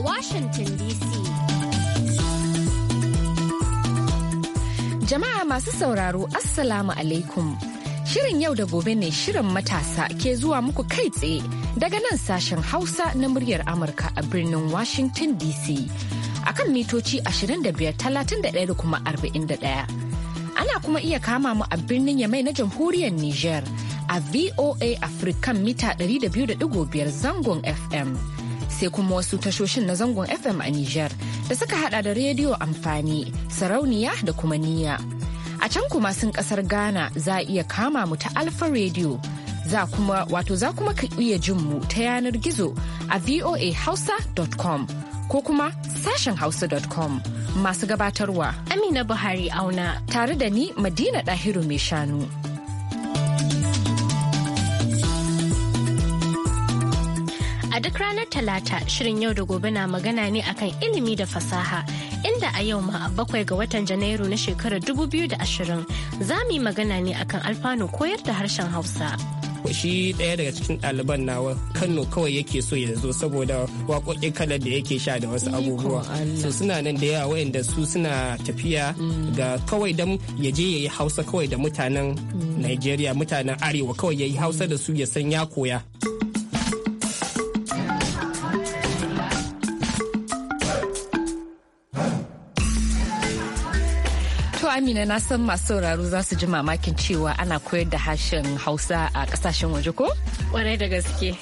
Washington DC. Jama'a masu sauraro, Assalamu alaikum. Shirin yau da gobe ne shirin matasa ke zuwa muku kai tsaye daga nan sashen Hausa na muryar Amurka a birnin Washington DC. Akan mitoci 25, 31 da kuma 41. ana kuma iya kama mu a birnin yamai na jamhuriyar Nijar a VOA African mita 200.5 zangon FM sai kuma wasu tashoshin na zangon FM a Nijar da suka hada da rediyo amfani, sarauniya da kuma niyya. A can kuma sun kasar Ghana za a iya kama mu ta Alfa rediyo Za kuma wato za kuma ka iya jin mu ta yanar gizo a voahausa.com ko kuma sashen hausa.com masu gabatarwa Amina Buhari auna tare da ni Madina Dahiru mai shanu. duk ranar talata shirin yau da gobe na magana ne akan ilimi da fasaha inda a yau ma bakwai ga watan janairu na shekarar 2020 za mu yi magana ne akan alfanu koyar da harshen hausa. shi ɗaya daga cikin ɗaliban nawa kano kawai yake so ya zo saboda waƙoƙi kalar da yake sha da wasu abubuwa so suna nan da yawa wayanda su suna tafiya mm. ga kawai dan ya je ya yi hausa kawai da mutanen mm. nigeria mutanen arewa kawai ya yi hausa da su ya san ya koya. Amina na san masu sauraro za su ji mamakin cewa ana koyar da harshen Hausa a kasashen waje ko? Kwarai da gaske.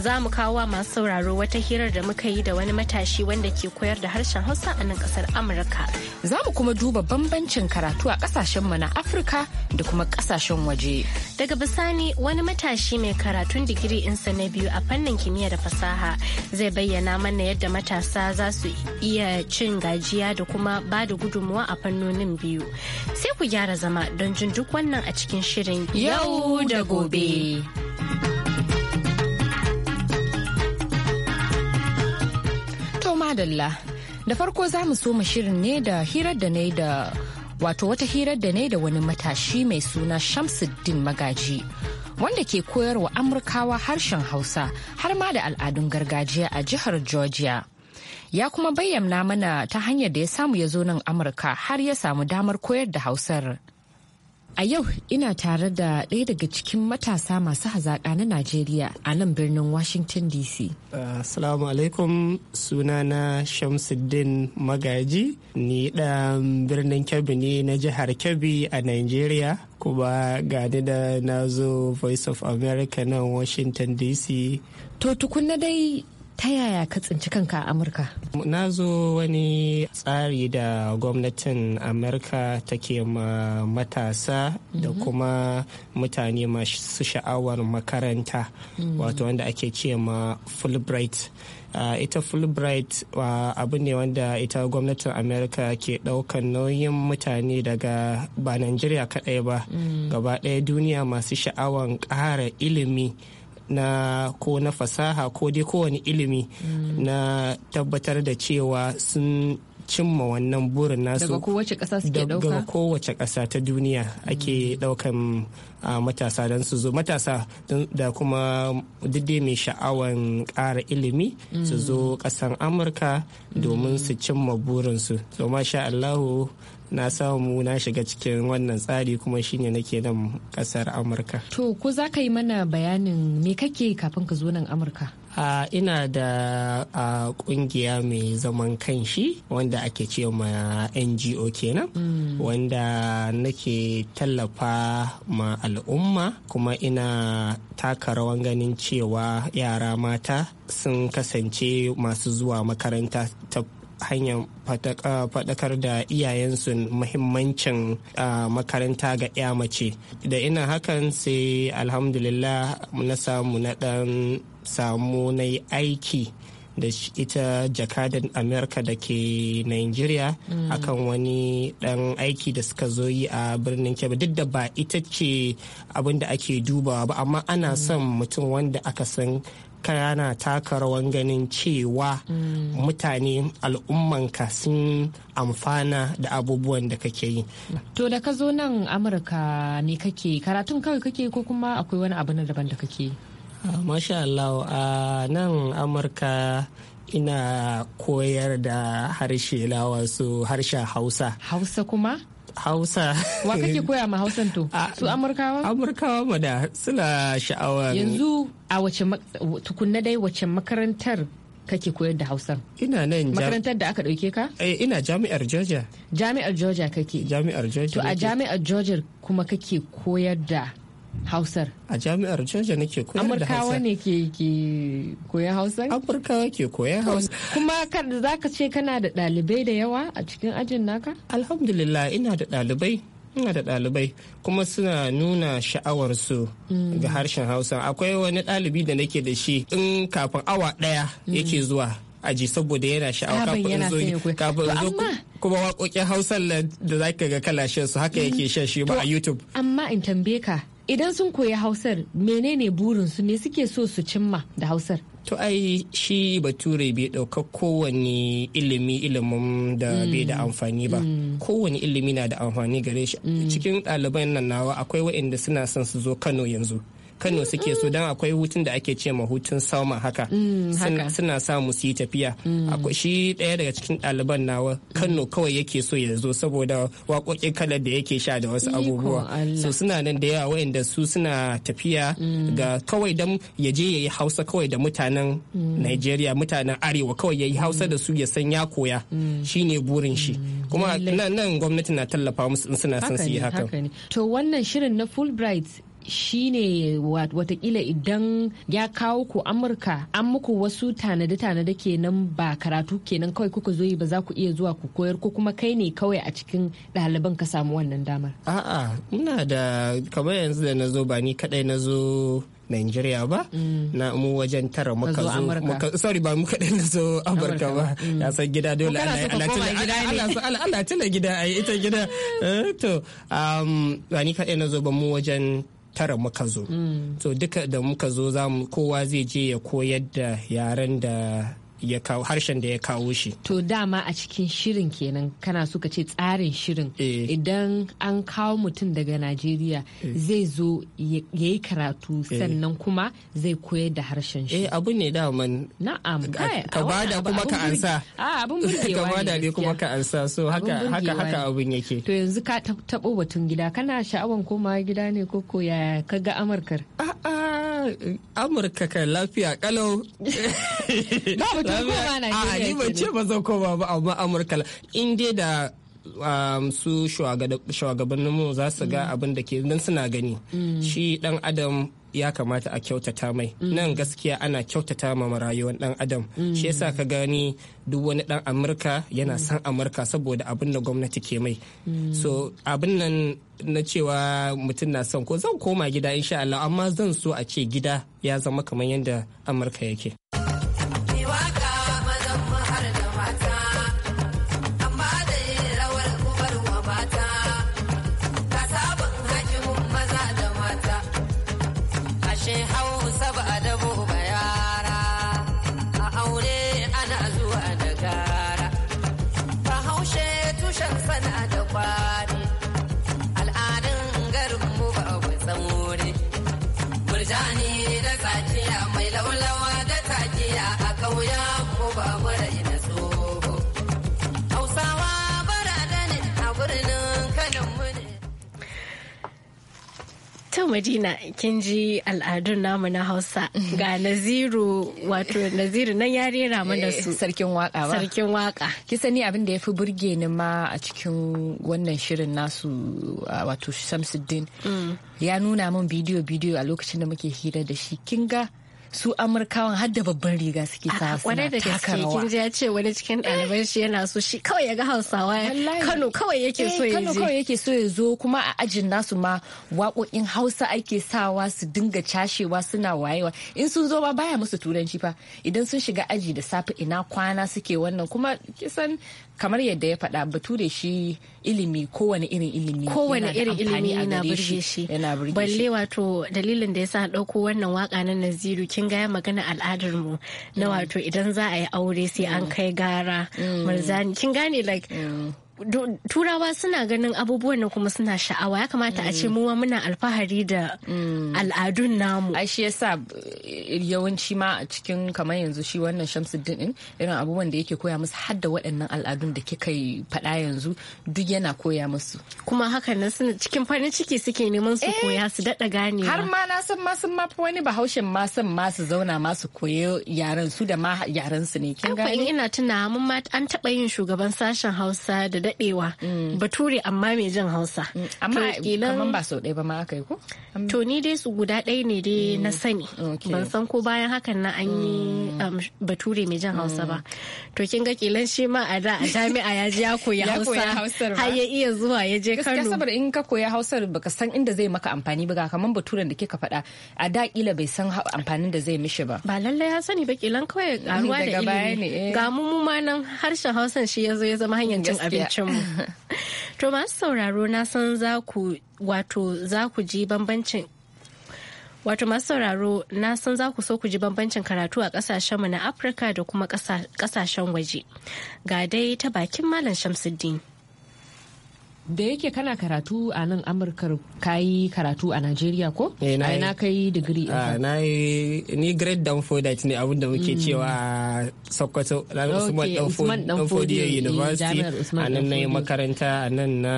za mu kawo masu sauraro wata hirar da muka yi da wani matashi wanda ke koyar da harshen hausa a nan kasar amurka za mu kuma duba bambancin karatu a mu na afirka da kuma kasashen waje daga bisani wani matashi mai karatun digiri insa na biyu a fannin kimiyya da fasaha zai bayyana mana yadda matasa za su iya cin gajiya da kuma ba da gudunmuwa a fannonin biyu sai ku gyara zama don jin duk wannan a cikin shirin yau da gobe. madalla da farko za mu so mu shirin ne da hirar da ne da wato wata hirar da ne da wani matashi mai suna shamsuddin magaji wanda ke koyarwa amurkawa harshen hausa har ma da al'adun gargajiya a jihar georgia ya kuma bayyana mana ta hanyar da ya samu ya zo nan amurka har ya samu damar koyar da hausar A yau ina tare da ɗaya daga cikin matasa masu hazaƙa na Najeriya a nan birnin Washington DC. Assalamu alaikum sunana Shamsuddin Magaji ni ɗan birnin Kebbi ne na jihar Kebbi a Najeriya kuma gani da na zo Voice of America nan Washington DC. To tukunna dai ta yaya ka tsinci kanka a amurka na zo wani tsari da gwamnatin amurka take ma matasa da mhm. kuma mutane masu sha'awar makaranta mhm. wato wanda ake ce ma fulbright ah, ita fulbright uh, abu ne wanda ita gwamnatin america ke daukan nauyin mutane daga ba nigeria kadai ba mm. gaba daya duniya masu sha'awar ƙara ilimi na ko na fasaha ko dai kowane ilimi mm. na tabbatar da cewa sun cimma wannan burin nasu daga kowace ƙasa ta duniya ake daukan mm. matasa don su zo matasa da kuma dai mai sha'awan ƙara ilimi su mm. zo ƙasan amurka domin su cimma burinsu so masha allahu na samu na shiga cikin wannan tsari kuma shine nake nan kasar amurka to ko za ka yi mana bayanin me kake kafin ka zo nan amurka a ina da a kungiya mai zaman kanshi wanda ake ce ma ngo kenan mm. wanda nake tallafa ma al'umma kuma ina taka rawan ganin cewa yara mata sun kasance masu zuwa makaranta ta hanyar ah, faɗakar da iyayensu muhimmancin ah, makaranta ga 'ya mace da ina hakan sai alhamdulillah na samu na ɗan samu na yi aiki da ita jakadan amerika da ke nigeria mm. akan wani ɗan aiki da suka zo yi a birnin kebbi duk da ba ita ce abin da ake dubawa ba amma ana mm. son mutum wanda aka san ka yana taka rawan ganin cewa mm. mutane al'ummanka sun amfana da abubuwan da kake yi. To da ka zo nan Amurka ne kake karatun kawai kake ko kuma akwai wani abu na daban da kake? Ah, masha Allah a nan Amurka ina koyar da harshe lawa su harshen Hausa. Hausa kuma? hausa wa kake koya ma hausan to su amurkawa amurkawa da suna sha'awar yanzu a wace tukunna dai wace makarantar kake koyar da hausar ina nan makarantar da aka dauke ka eh ina jami'ar georgia jami'ar georgia kake jami'ar georgia to a jami'ar georgia kuma kake koyar da hausar a jami'ar georgia nake koyar da hausa amurkawa ne ke ke koyan hausar. amurkawa ke koyan hausa kuma za ka ce kana da ɗalibai da yawa a cikin ajin naka alhamdulillah ina da ɗalibai ina da ɗalibai kuma suna nuna sha'awarsu mm. ga harshen hausa akwai wani ɗalibi da nake da shi in kafin awa ɗaya mm. yake zuwa aji saboda yana sha'awa kafin zo kafin zo kuma waƙoƙin hausan da ka ga kalashin su haka yake shan shi ba a youtube amma in tambaye ka idan sun koyi hausar menene burin su ne suke so su cimma da hausar to ai shi bature bai ɗauka kowane ilimi ilimin da mm. bai da amfani ba mm. kowane ilimi na da amfani gare shi mm. cikin ɗaliban nan nawa akwai waɗanda suna son su zo kano yanzu kano suke so don akwai hutun da ake ce ma hutun sama mm, haka suna samu su yi tafiya mm. akwai shi ɗaya daga cikin ɗaliban nawa kano kawai yake so ya zo saboda waƙoƙin kalar da yake sha da wasu abubuwa so suna nan da yawa wainda su suna tafiya mm. ga kawai dan ya je ya yi hausa kawai da mutanen Najeriya mutanen arewa kawai ya yi hausa da su ya san ya koya Shi ne burin shi kuma nan gwamnati na tallafa musu in suna son su yi hakan to wannan shirin na fulbright shine watakila idan ya kawo ku amurka an muku wasu tanade-tanade kenan ba karatu kenan kawai kuka zo yi ba za ku iya zuwa ku koyar ko kuma kai ne kawai a cikin ɗaliban ka samu wannan damar a'a ina da kamar yanzu da na zo ba ni kadai na zo Nigeria ba mm. na mu wajen tara muka zo muka sorry ba muka dan zo Amurka ba ya san gida dole Allah tuna gida ai ita gida eh, to um ba ni kadai na zo ba mu wajen tara muka zo To mm. duka da muka zo kowa zai je ya koyar da yaren da ya kawo harshen da ya kawo shi. To dama a cikin shirin kenan kana so ka ce tsarin shirin eh. idan an kawo mutum daga Najeriya eh. zai zo ya yi karatu eh. sannan kuma zai koyar da harshen shi. Eh abu ne daman. Na'am kai. Ka bada ah, kuma ka ansa. A abun burgewa ne. Ka bada ne kuma ka ansa so haka haka haka abun yake. To yanzu ka taɓo batun gida kana sha'awan koma gida ne ko ko ya ka ga Amurkar? A'a ah, ah, Amurka kan lafiya kalau. ni ban ce ba zan koma ba amma Amurka in dai da um, su shugabannin mu za su ga mm. abin da ke nan suna gani mm. shi dan adam ya kamata a kyautata mai mm. nan gaskiya ana kyautata ma rayuwar dan adam shi yasa ka gani duk wani dan amurka yana san amurka saboda abin da gwamnati ke mai so abin nan na cewa mutum na son ko zan koma gida insha Allah amma zan so a ce gida ya zama kamar yadda amurka yake Madina kin ji al'adun namu na Hausa ga Naziru wato Naziru nan ya rera mana su eh, sarkin waka ba sarkin waka ki sani abin da ya fi burge ni ma a cikin wannan shirin nasu wato Shamsuddin mm. ya nuna min bidiyo bidiyo a lokacin da muke hira da shi kin ga su amurkawan har da babban riga suke sa suna da gaske kin ji ya ce wani cikin ɗaliban shi yana so shi kawai ya ga hausawa kano kawai yake eh, so ya kano kawai yake so ya zo kuma a ajin nasu ma waƙoƙin hausa ake sawa su dinga cashewa suna wayewa in sun zo ba baya musu turanci fa idan sun shiga aji da safe ina kwana suke wannan kuma kisan kamar yadda ya faɗa bature shi ilimi kowane irin ilimi kowane irin ilimi yana burge shi balle wato dalilin da yasa ɗauko wannan waka na naziru kin ga ya magana al'adar mu na mm. wato idan za a yi aure sai an mm. kai gara murzani mm. kin gane like turawa suna ganin abubuwan nan kuma suna sha'awa ya kamata a ce muwa muna alfahari da al'adun namu a shi yasa eh, yawanci ma a cikin kamar yanzu shi wannan shamsuddin din irin abubuwan da yake koya musu har da waɗannan al'adun da kika yi faɗa yanzu duk yana koya musu kuma hakan nan suna cikin farin ciki suke neman su koya su daɗa eh, gane har ma na san ma sun mafi wani bahaushen ma san ma zauna ma su koyi yaran su da ma yaran su ne kin gane ina tuna mun ma an taɓa yin shugaban sashen Hausa da daɗewa mm. bature amma mai jin hausa mm. amma kaman ba sau ɗaya ba ma aka yi ko to ni dai su guda ɗaya ne dai mm. na sani ban san ko bayan hakan na an yi um, bature mai jin hausa ba to kin ga kilan shi ma a da a jami'a ya je ya koyi hausa har ya iya zuwa ya je kano gaskiya saboda in ka koyi hausar baka san inda zai maka amfani ba ga kaman baturen da kika faɗa a da kila bai san amfanin da zai mishi ba ba lallai ya sani ba kilan kawai karuwa da ilimi eh. ga mu mu ma nan harshen hausan shi ya zo ya zama hanyar cin abinci mu. To masu sauraro na san za ku wato za ku ji bambancin Wato masu sauraro na san za ku so ku ji bambancin karatu a mu na Afirka da kuma kasashen waje. Ga dai ta bakin Malam Shamsuddin. da yake kana karatu a nan amurkar kayi karatu a najeriya ko eh, na, ah, na kai digiri uh, na ni great danfodite ne abinda muke mm. cewa sokoto na usman eh, university a nan na yi makaranta a nan na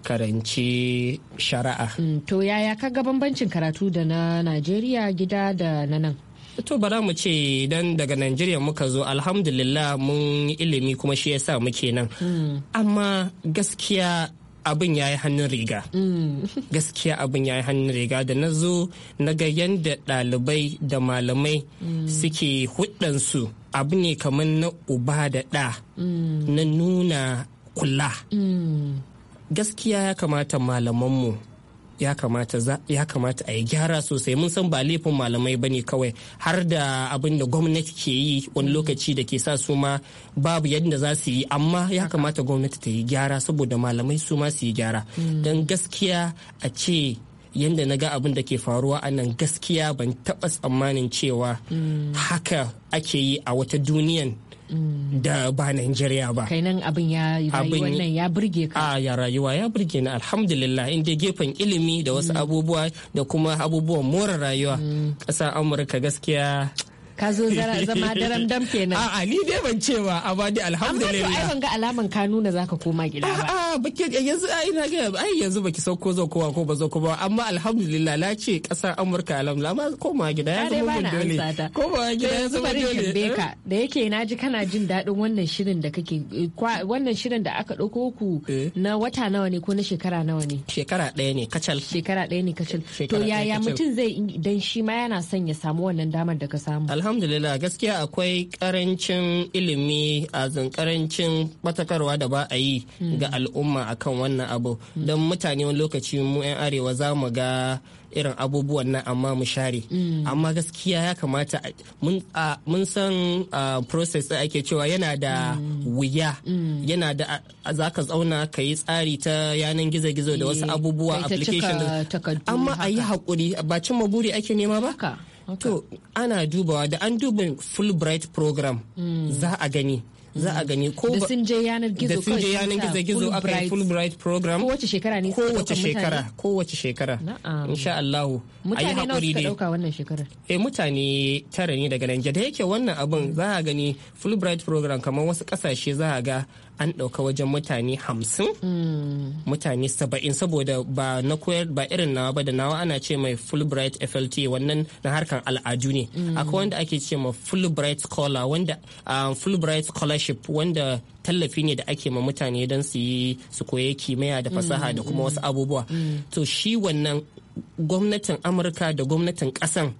karanci shari'a mm, to yaya ka ga bambancin karatu da na najeriya gida da na nan to bara mu ce dan daga Najeriya muka zo alhamdulillah mun ilimi kuma shi yasa muke nan mm. amma gaskiya abin ya yi hannun riga mm. gaskiya abin ya yi hannun riga da na zo na ga yadda ɗalibai da malamai mm. suke hudansu abu ne kamar na uba da ɗa na nuna kula gaskiya ya kamata malamanmu ya kamata a yi gyara sosai mun san ba laifin malamai ba ne kawai har da abin da gwamnati ke yi wani lokaci da ke sa su ma babu yadda za su yi amma ya kamata gwamnati ta yi gyara saboda malamai su ma su yi gyara mm. don gaskiya a ce yadda na ga abin da ke faruwa a nan gaskiya ban taɓa tsammanin cewa mm. haka ake yi a wata duniyan Mm. da ba Najeriya ba. Kainan abin ya nan ya burge ka. A ya rayuwa ya burge ni alhamdulillah in dai gefen ilimi da wasu mm. abubuwa da kuma abubuwan more rayuwa. Mm. Ƙasar Amurka gaskiya ka zo zama daram dam kenan a ni dai ban cewa ba dai alhamdulillah amma to ai ban ga alaman ka nuna zaka koma gida ba a'a baki yanzu ai na ga ai yanzu baki sauko zo kowa ko ba zo ko ba amma alhamdulillah na ce kasar Amurka la ma koma gida ya zama mun dole koma gida ya zama dole ka da yake na ji kana jin daɗin wannan shirin da kake eh, wannan shirin da aka dauko ku eh. na wata nawa ne ko na shekara nawa ne shekara ɗaya ne kacal shekara ɗaya ne kacal to yaya mutum zai dan shi ma yana son ya samu wannan damar da ka samu alhamdulillah gaskiya akwai karancin ilimi a karancin batakarwa da ba a yi ga hmm. al'umma akan wannan abu hmm. don mutane wani lokaci mu 'yan arewa za mu ga irin abubuwan nan amma mu share hmm. amma gaskiya ya kamata mun san process da ake cewa yana da wuya yana da za ka zauna ka yi tsari ta yanan gizo-gizo da wasu eh, abubuwa application amma a yi haƙuri ba cin maguri ake nema ba to ana dubawa da an duba fulbright program za a gani za a gani ko da sun je yanar gizo gizo gizo aka yi fulbright program kowace shekara ne kowace shekara kowace shekara insha allahu. mutane nawa suka dauka wannan eh mutane tara ne daga nan da yake wannan abun za a gani fulbright program kamar wasu kasashe za a ga an ɗauka wajen mutane hamsin mutane saba'in saboda ba na koyar ba irin nawa ba da nawa ana ce mai fulbright flt wannan na harkar al'adu ne akwai wanda ake ce ma fulbright scholar wanda fulbright scholarship wanda tallafi ne da ake ma mutane don su yi su koya kimiyya da fasaha da kuma wasu abubuwa to shi wannan gwamnatin amurka da gwamnatin kasan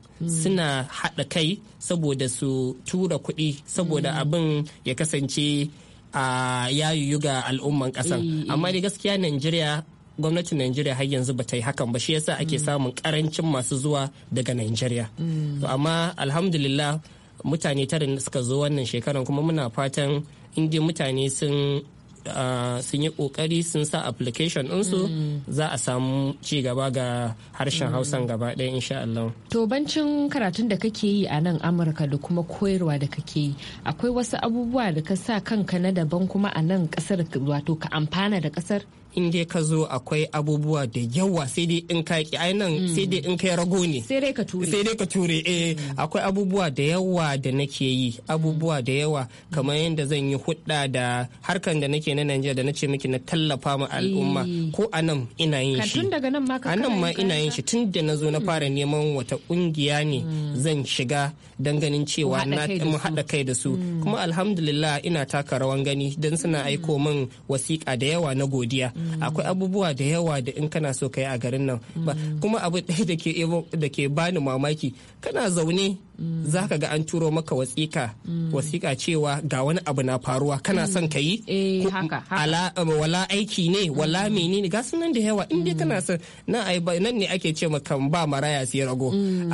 suna haɗa kai saboda su tura kuɗi saboda abin ya kasance ya yiwu ga al'umman kasan eh, eh. amma dai gaskiya najeriya gwamnatin Najeriya har yanzu ba ta yi hakan ba shi yasa ake mm. samun karancin masu zuwa daga Najeriya. Mm. To amma alhamdulillah mutane tara suka zo wannan shekaran kuma muna fatan inda mutane sun Uh, sun yi kokari sun sa application ɗinsu mm. za a samu ci gaba ga harshen mm. hausan gaba ɗaya insha Allah. To bancin karatun da kake yi a nan Amurka da kuma koyarwa da kake yi akwai wasu abubuwa da ka sa kanka na daban kuma a nan ƙasar wato ka amfana da ƙasar? in dai ka zo akwai abubuwa da yawa sai dai in ka ki ai nan sai dai in kai rago ne sai dai ka ture sai dai ka ture eh mm. akwai abubuwa da yawa da nake yi abubuwa da yawa mm. kamar yadda zan yi hudda da harkan da nake na Najeriya da nace miki na tallafa ma al'umma eh. ko a nan ina yin shi tun daga nan ma ka nan ma ina yin shi tun da nazo na mm. fara neman wata kungiya ne zan shiga dan ganin cewa na mu hada kai da su kuma alhamdulillah ina taka rawan gani dan suna aiko min wasiƙa da yawa na godiya Mm. akwai abubuwa da yawa da in kana so ka yi a garin nan mm. kuma abu ɗaya da ke bani mamaki kana zaune za ka ga an turo maka wasiƙa wasiƙa cewa ga wani abu na faruwa kana son ka yi eh, wala aiki ne wala mm. ne ga sunan da yawa in kana mm. son nan ne ake ce kan ba maraya sai rago mm.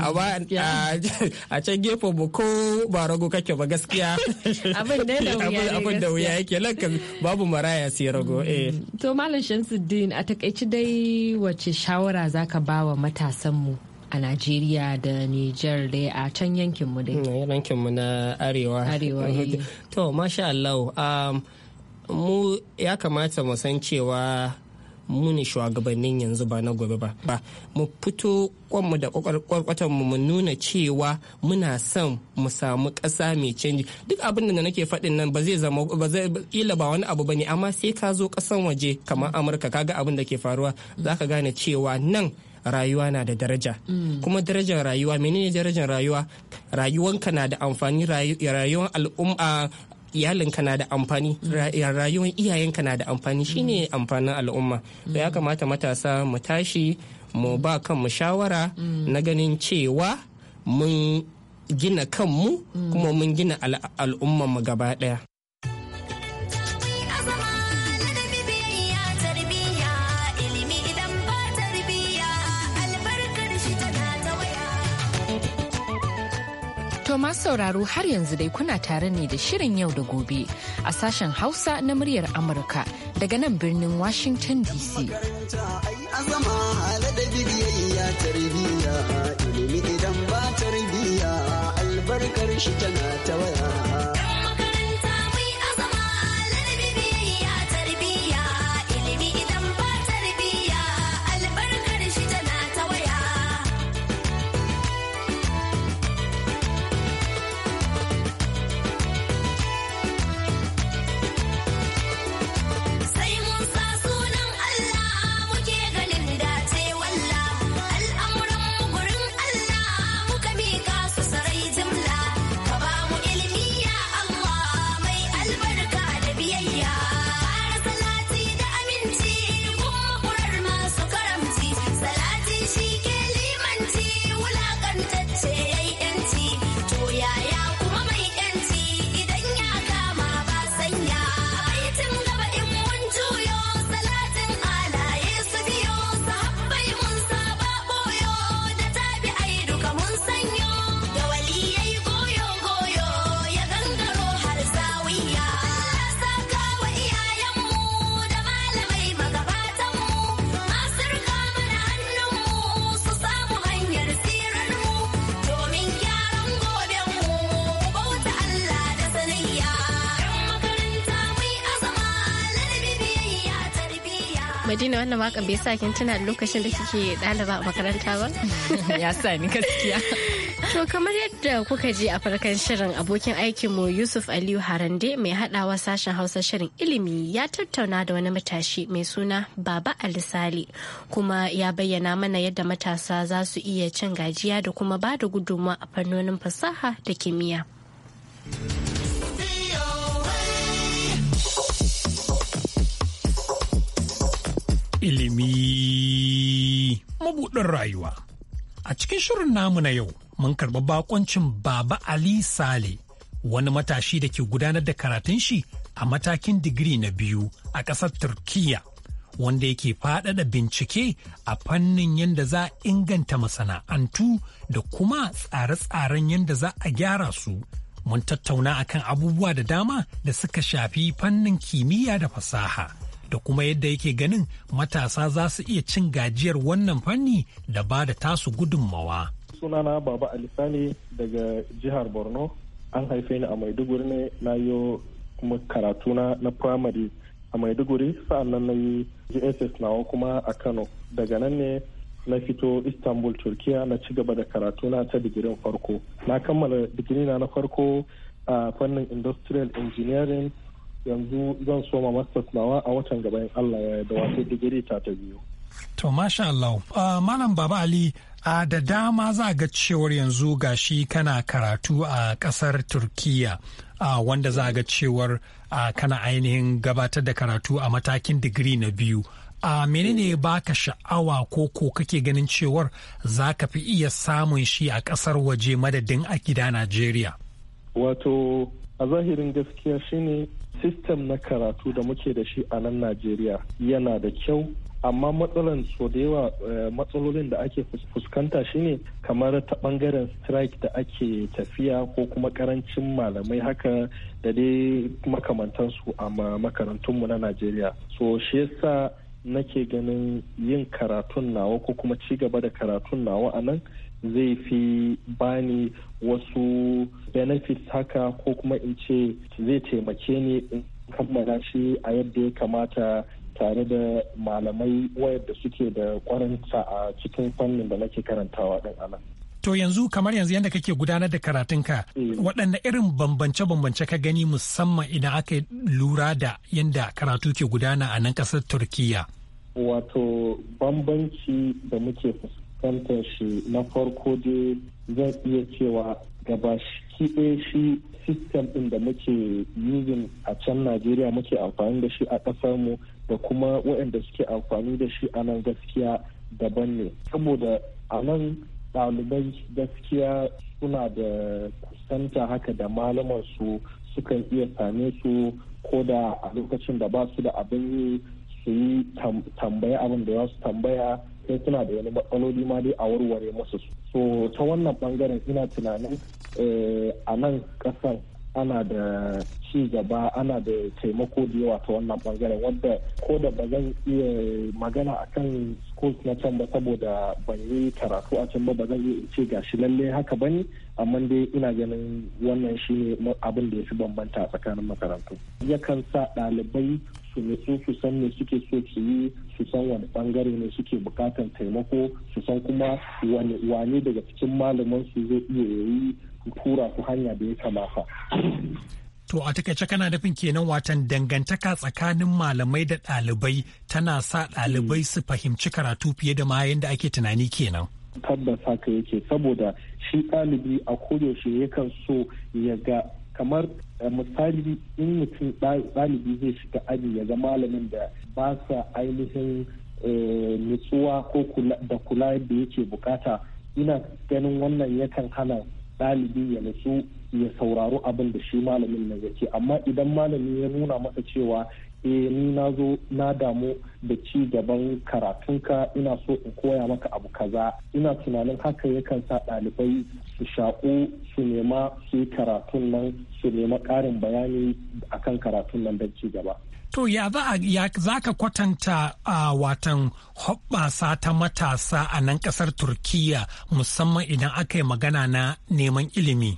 a can gefe mu ko ba rago kake ba gaskiya abin da wuya yake lankan babu maraya sai rago eh. to malam shamsuddin a takaici dai wace shawara zaka ba wa matasan mu? a Najeriya da Nijar dai a can yankinmu dai. Mm, yankinmu na Arewa. Arewa. Eh. To, masha Allah, um, mu ya kamata mu san cewa mu ne shugabannin yanzu ba na gobe ba. Mu fito kwanmu da kwarkwatanmu mu mu nuna cewa muna son mu samu kasa mai canji. Duk abin da nake faɗin nan ba zai zama ba zai kila ba wani abu bane amma sai ka zo ƙasan waje kamar Amurka kaga abin da ke faruwa zaka gane cewa nan rayuwa na da daraja mm. kuma darajar rayuwa menene darajar rayuwa rayuwanka na da amfani rayuwar al'umma iyalinka na da amfani mm. rayuwar iyayenka na da amfani mm. shine amfanin al'umma to ya kamata matasa mu tashi mu ba kanmu shawara na ganin cewa mun gina kanmu kuma mun gina mu gaba daya To sauraro har yanzu dai kuna tare ne da shirin yau da gobe a sashen Hausa na muryar Amurka daga nan birnin Washington DC. shi tana ta Madina wannan waƙa bai sa kin tuna lokacin da kike ɗaliba a makaranta ba? Ya sa ni gaskiya. To kamar yadda kuka ji a farkon shirin abokin aikinmu Yusuf Aliyu Harande mai haɗawa sashen Hausa shirin ilimi ya tattauna da wani matashi mai suna Baba Ali kuma ya bayyana mana yadda matasa za su iya cin gajiya da kuma ba da gudunmawa a fannonin fasaha da kimiyya. ilimi mabuɗin rayuwa. A cikin shirin namu na yau, mun karɓi bakoncin Baba Ali Sale, wani matashi da ke gudanar da karatun shi a matakin digiri na biyu a ƙasar Turkiyya, wanda yake faɗaɗa bincike a fannin yadda za a inganta masana'antu da kuma tsare-tsaren yadda za a gyara su. Mun tattauna akan abubuwa da dama da suka shafi fannin kimiyya da fasaha. da kuma yadda yake ganin matasa za su iya cin gajiyar wannan fanni da ba da tasu gudunmawa. sunana baba alisani daga jihar borno an haife ni a maiduguri ne na yi kuma karatu na primary a maiduguri nan na yi gss nawa kuma a kano daga nan ne na fito istanbul turkiya na ci gaba da karatu na ta digirin farko na kammala digiri na na farko a fannin industrial engineering yanzu zan soma masters nawa a watan gaba in Allah ya da wato digiri ta ta biyu. To masha Allah, uh, Malam Baba Ali uh, da dama za ga cewar yanzu ga shi kana karatu a uh, ƙasar Turkiya uh, wanda za ga cewar uh, kana ainihin gabatar da karatu a matakin digiri na biyu. a uh, menene baka sha'awa ko ko kake ganin cewar za ka fi iya samun shi a ƙasar waje madadin a gida Najeriya? wato a zahirin gaskiya shine sistem na karatu da muke da shi a nan najeriya yana da kyau amma matsalan so da yawa eh, matsalolin da ake fuskanta shine kamar ta bangaren strike da ake tafiya ko kuma karancin malamai haka da dai makamantansu a makarantunmu na najeriya so shi yasa nake ganin yin karatun nawa ko kuma ci gaba da karatun nawa a nan zai fi bani wasu benefits haka ko kuma in ce zai taimake ni in kammala shi a yadda ya kamata tare da malamai wayar da suke da kwaranta a cikin fannin da nake karantawa din anan. To yanzu kamar yanzu yadda kake gudanar da karatunka eh. waɗanne irin bambance-bambance ka gani musamman idan aka lura da yadda karatu ke gudana a nan ƙasar Turkiyya. Wato bambanci da muke fuskanta fuskantar shi na farko dai zan iya cewa gaba shi ɗaya shi sistem ɗin da muke using a can najeriya muke amfani da shi a ƙasarmu da kuma waɗanda suke amfani da shi a nan gaskiya daban ne saboda a nan ɗalibai gaskiya suna da kusanta haka da malamar su sukan iya same su ko da a lokacin da ba su da abin yi su yi tambaya abin da za su tambaya sai suna da wani matsaloli ma dai a warware musu so ta wannan bangaren ina tunanin eh, a nan kasar ana da ci gaba ana da taimako da yawa ta wannan bangaren wadda ko da ba zan iya magana a kan schools na can ba saboda ban yi karatu a can ba ba zan iya ce ga shi lalle haka ba ne amma dai ina ganin wannan shine abin da ya fi bambanta a tsakanin makarantu yakan sa ɗalibai su ne su san me suke so su yi su san wani bangare ne suke bukatan taimako su san kuma wani daga cikin malaman su zai iya yi tura su hanya da ya kamata To a takaice kana nufin kenan watan dangantaka tsakanin malamai da ɗalibai tana sa ɗalibai su fahimci karatu fiye da ma yadda ake tunani kenan. Tabbas haka yake saboda shi ɗalibi a koyaushe yakan so ya ga kamar eh, misali in mutum ɗalibi zai shiga aji ya ga malamin da ba sa ainihin eh, nutsuwa ko da kula da yake bukata ina ganin wannan yakan hana ɗalibi ya nutsu ya sauraro abin da shi malamin nan yake amma idan malamin ya nuna masa cewa eh ni na zo na damu da ci gaban karatunka ina so in koya maka abu kaza ina tunanin haka yakan sa ɗalibai su shaƙo su nema su karatun nan su nema ƙarin bayani akan karatun nan don ci gaba To ya za ka kwatanta a watan hoɓɓasa ta matasa a nan ƙasar Turkiyya musamman idan aka yi magana na neman ilimi?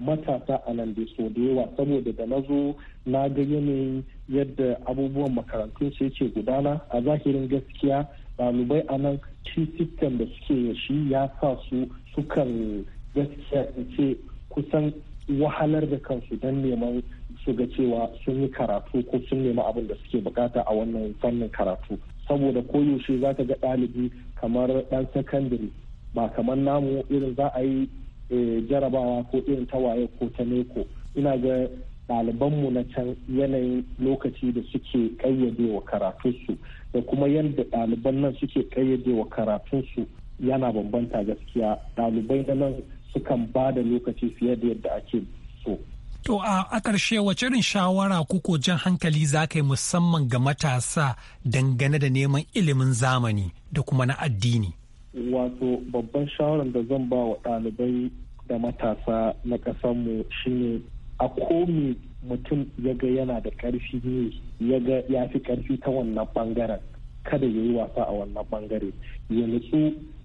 Matasa a nan da so da yawa saboda da na zo na ga yanayin yadda abubuwan makarantu su yake gudana a zahirin gaskiya ɗalibai a nan system da suke shi ya sa su sukan gaskiya ce kusan wahalar da kansu don neman su ga cewa sun yi karatu ko sun nemi abin da suke bukata a wannan fannin karatu saboda koyaushe za ka ga ɗalibi kamar ɗan sakandare ba kamar namu irin za a yi eh, jarabawa ko irin tawaye ko ta neko ina ga ɗalibanmu na can yanayin lokaci da suke ƙayyadewa wa karatunsu da kuma yadda ɗaliban nan suke ƙayyadewa wa karatunsu yana bambanta gaskiya ɗalibai na nan sukan ba da lokaci fiye da yadda ake so. To a ƙarshe wace irin shawara kuko jan hankali za ka yi musamman ga matasa dangane da neman ilimin zamani da kuma na addini? Wato babban shawarar da zan ba wa ɗalibai da matasa na ƙasarmu shine a komi mutum ya ga yana da ƙarfi ne ya ga ya fi ƙarfi ta wannan ɓangaren kada ya yi wasa a wannan bangare ya nutsu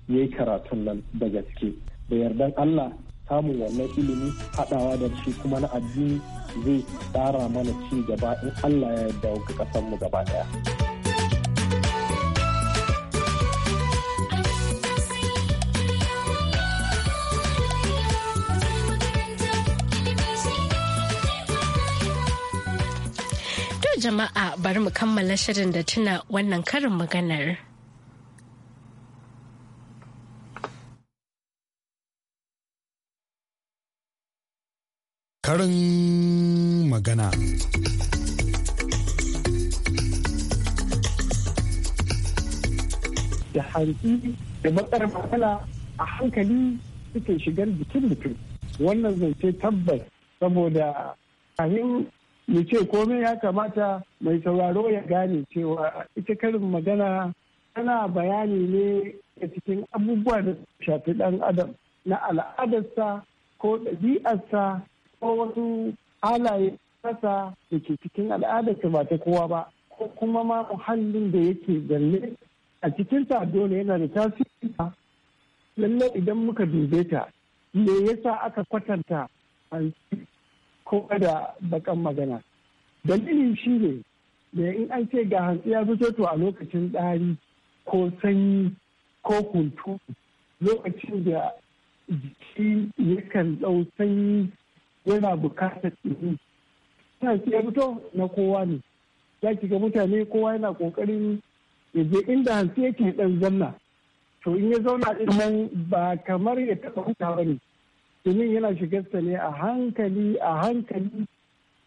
ya yi karatun nan da gaske da yardan allah samun wannan ilimi haɗawa da shi kuma na addini zai tsara mana ci gaba in allah ya yarda ga ƙasarmu gaba daya. jama'a bari mu kammala shirin da tuna wannan karin maganar. Karin magana. Da hantsi da matsar matsala a hankali suke shigar jikin mutum. Wannan zai ce tabbas saboda kayan mu ce komai ya kamata mai sauraro ya gane cewa ita karin magana tana bayani ne a cikin abubuwa da shafi dan adam na al'adarsa ko ɗabi'arsa ko wasu halaye kasa da ke cikin al'adarsa ba ta kowa ba ko kuma ma muhallin da yake zalle a cikin sa dole yana da tasiri lallai idan muka dube ta me yasa aka kwatanta ko da bakan magana dalilin shi ne da in an ce ga hantsi ya fito to a lokacin tsari ko sanyi ko hunturu lokacin da jiki yakan dau sanyi yana bukatar tsini hantsi ya fito na kowa ne za ki ga mutane kowa yana ƙoƙarin ya je inda hantsi yake ɗan zanna to in ya zauna ɗin nan ba kamar ya taɓa hutawa ne domin yana shigarsa ne a hankali a hankali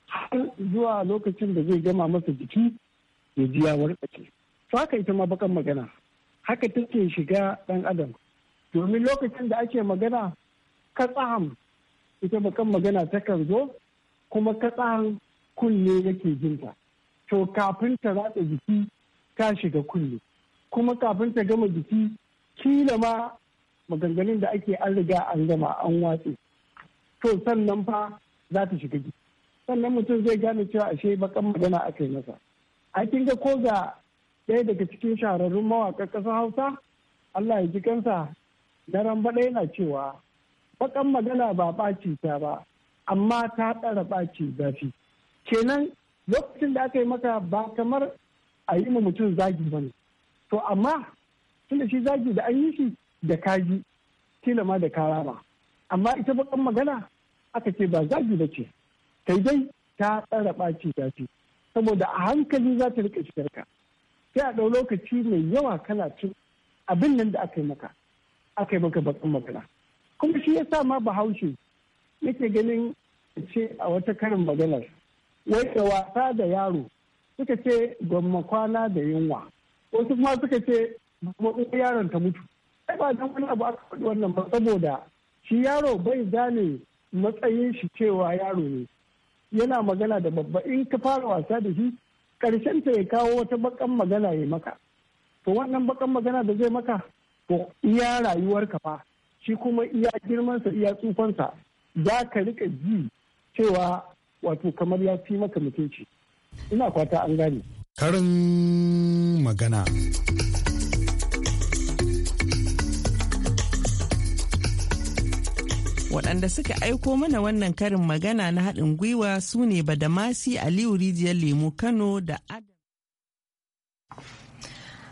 har zuwa lokacin da zai gama masa jiki ya ji ya warkace haka ita ma bakan magana haka take shiga dan adam domin lokacin da ake magana katsaham ita bakan magana takan zo kuma katsahan kunne yake jinta to kafin ta ratsa jiki ta shiga kunne kuma kafin ta gama jiki kila ma maganganun da ake an riga an gama an watse to sannan fa za ta shiga gida sannan mutum zai gane cewa ashe bakan magana aka yi masa a kin ga ko ga ɗaya daga cikin shahararrun mawaƙa ƙasar hausa allah ya ji kansa daren baɗa yana cewa bakan magana ba ɓaci ta ba amma ta ɗara ɓaci zafi kenan lokacin da aka yi maka ba kamar a yi ma mutum zagi ba ne to amma tunda shi zagi da an yi shi da kaji, kila ma da kara ba amma ita bakan magana aka ce ba zagi ba ce kai dai ta tsara ɓaci saboda a hankali za ta rika shigarka sai a ɗau lokaci mai yawa kana cin abin nan da aka yi maka aka yi maka bakan magana kuma shi ya sa ma bahaushe nake ganin ce a wata karin maganar wai da wasa da yaro suka ce gwamma kwana da yunwa wasu kuma suka ce yaron ta mutu sai ba dan wani abu aka faɗi wannan ba saboda shi yaro bai gane matsayin shi cewa yaro ne yana magana da babba in ka fara wasa da shi karshen ta ya kawo wata bakan magana ya maka to wannan bakan magana da zai maka to iya rayuwarka fa shi kuma iya girmansa iya tsufansa za ka rika ji cewa wato kamar ya fi maka mutunci ina kwata an gane karin magana waɗanda suka aiko mana wannan karin magana na haɗin gwiwa su ne badamasi aliyu rijiyar lemu kano da adam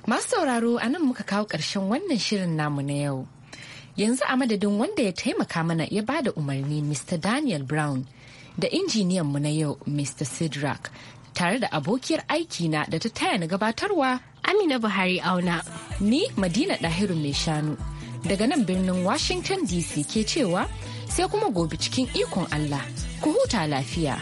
masu sauraro a nan muka kawo ƙarshen wannan shirin namu na yau yanzu a madadin wanda ya taimaka mana ya ba da umarni mr daniel brown da injiniyan mu na yau mr sidrak tare da abokiyar aiki na da ta taya na gabatarwa amina buhari auna ni madina ɗahiru mai shanu daga nan birnin Washington DC ke cewa sai kuma gobe cikin ikon Allah ku huta lafiya.